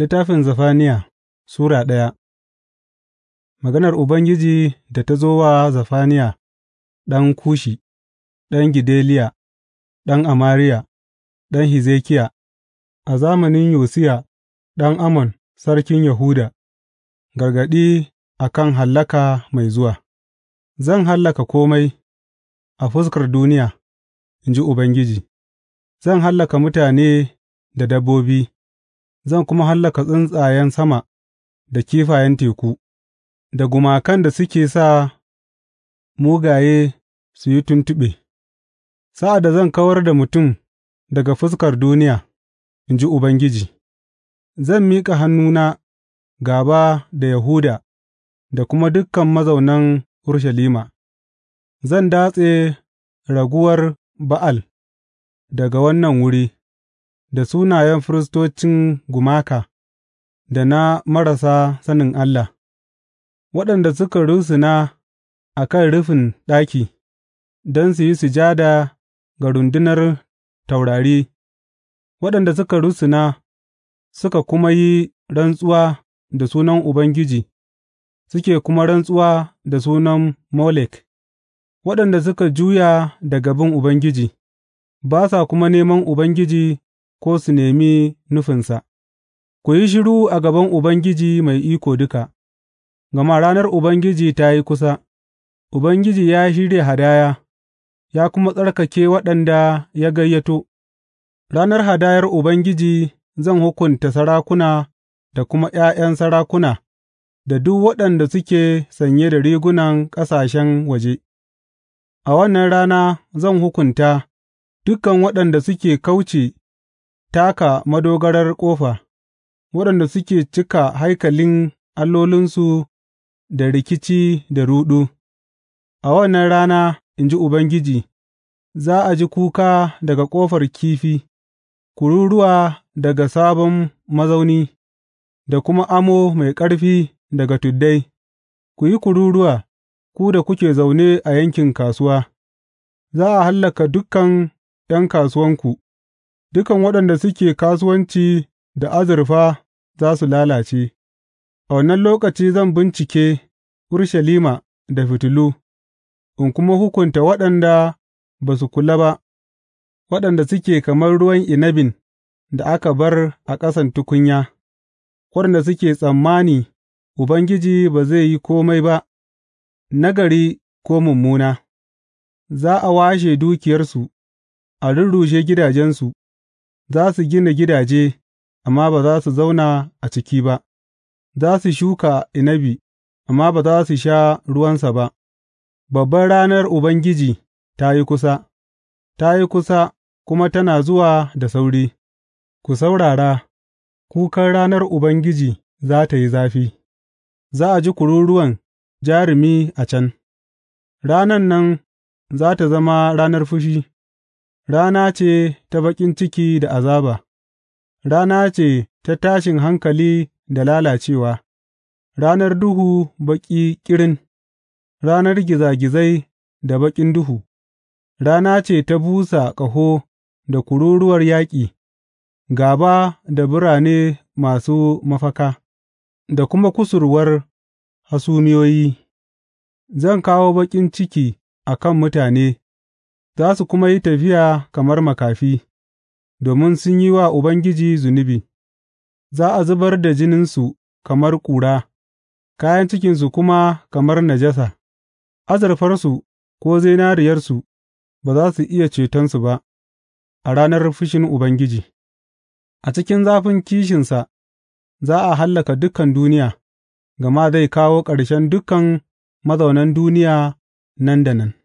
Littafin Zafaniya, Sura ɗaya. Maganar Ubangiji da ta zo wa Zafaniya ɗan Kushi, ɗan Gideliya, ɗan Amariya, ɗan Hezekiya, a zamanin Yosiya ɗan Amon sarkin Yahuda, gargaɗi a kan hallaka mai zuwa Zan hallaka komai a fuskar duniya, in ji Ubangiji; zan hallaka mutane da dabbobi. zan kuma hallaka tsuntsayen sama da kifayen teku, da gumakan da suke sa mugaye su yi tuntuɓe, sa'ad da zan kawar da mutum daga fuskar duniya, in ji Ubangiji, zan miƙa hannuna gaba da Yahuda da kuma dukan mazaunan Urushalima, zan datse raguwar Ba'al daga wannan wuri. da sunayen firistocin gumaka da na marasa sanin Allah, waɗanda suka rusuna a kan rufin ɗaki don su yi sujada ga rundunar taurari, waɗanda suka rusuna suka kuma yi rantsuwa da sunan Ubangiji, suke kuma rantsuwa da sunan Molek, waɗanda suka juya daga bin Ubangiji, ba sa kuma neman Ubangiji ko su nemi nufinsa, ku yi shiru a gaban Ubangiji Mai Iko Duka, gama ranar Ubangiji ta yi kusa, Ubangiji ya shirya hadaya, ya kuma tsarkake waɗanda ya gayyato, ranar hadayar Ubangiji zan hukunta sarakuna da kuma ’ya'yan sarakuna da duk waɗanda suke sanye da rigunan ƙasashen waje, a wannan rana zan hukunta dukan waɗanda suke kauce taka madogarar ƙofa, waɗanda suke cika haikalin allolinsu da rikici da ruɗu, a wannan rana, in ji Ubangiji, za a ji kuka daga ƙofar kifi, kururuwa daga sabon mazauni, da kuma amo mai ƙarfi daga tuddai, ku yi kururuwa, ku da kuke zaune a yankin kasuwa, za a hallaka dukan ’yan kasuwanku. dukan waɗanda suke kasuwanci da azurfa za su lalace, a wannan lokaci zan bincike Urushalima da fitilu, in kuma hukunta waɗanda ba su kula ba, waɗanda suke kamar ruwan inabin da aka bar a ƙasan tukunya, waɗanda suke tsammani Ubangiji ba zai yi komai ba, nagari ko mummuna, za a washe dukiyarsu, a rurrushe gidajensu. za su gina gidaje, amma ba za su zauna a ciki ba; za su shuka inabi, amma ba za su sha ruwansa ba, babbar ranar Ubangiji ta yi kusa, ta yi kusa kuma tana zuwa da sauri, ku saurara, kukan ranar Ubangiji za tă yi zafi, za a ji kururuwan jarumi a can, ranan nan za ta zama ranar fushi. rana ce ta baƙin ciki da azaba, rana ce ta tashin hankali da lalacewa, ranar duhu baƙi ƙirin, ranar gizagizai da baƙin duhu, rana ce ta busa ƙaho da kururuwar yaƙi, gaba da birane masu mafaka, da kuma kusurwar hasumiyoyi, zan kawo baƙin ciki a kan mutane. za su kuma yi tafiya kamar makafi, domin sun yi wa Ubangiji zunubi; za a zubar da jininsu kamar ƙura, kayan cikinsu kuma kamar najasa, azurfarsu ko zinariyarsu ba za su iya cetonsu ba a ranar fushin Ubangiji, a cikin zafin kishinsa za a hallaka dukan duniya, gama zai kawo ƙarshen dukan mazaunan duniya nan da nan.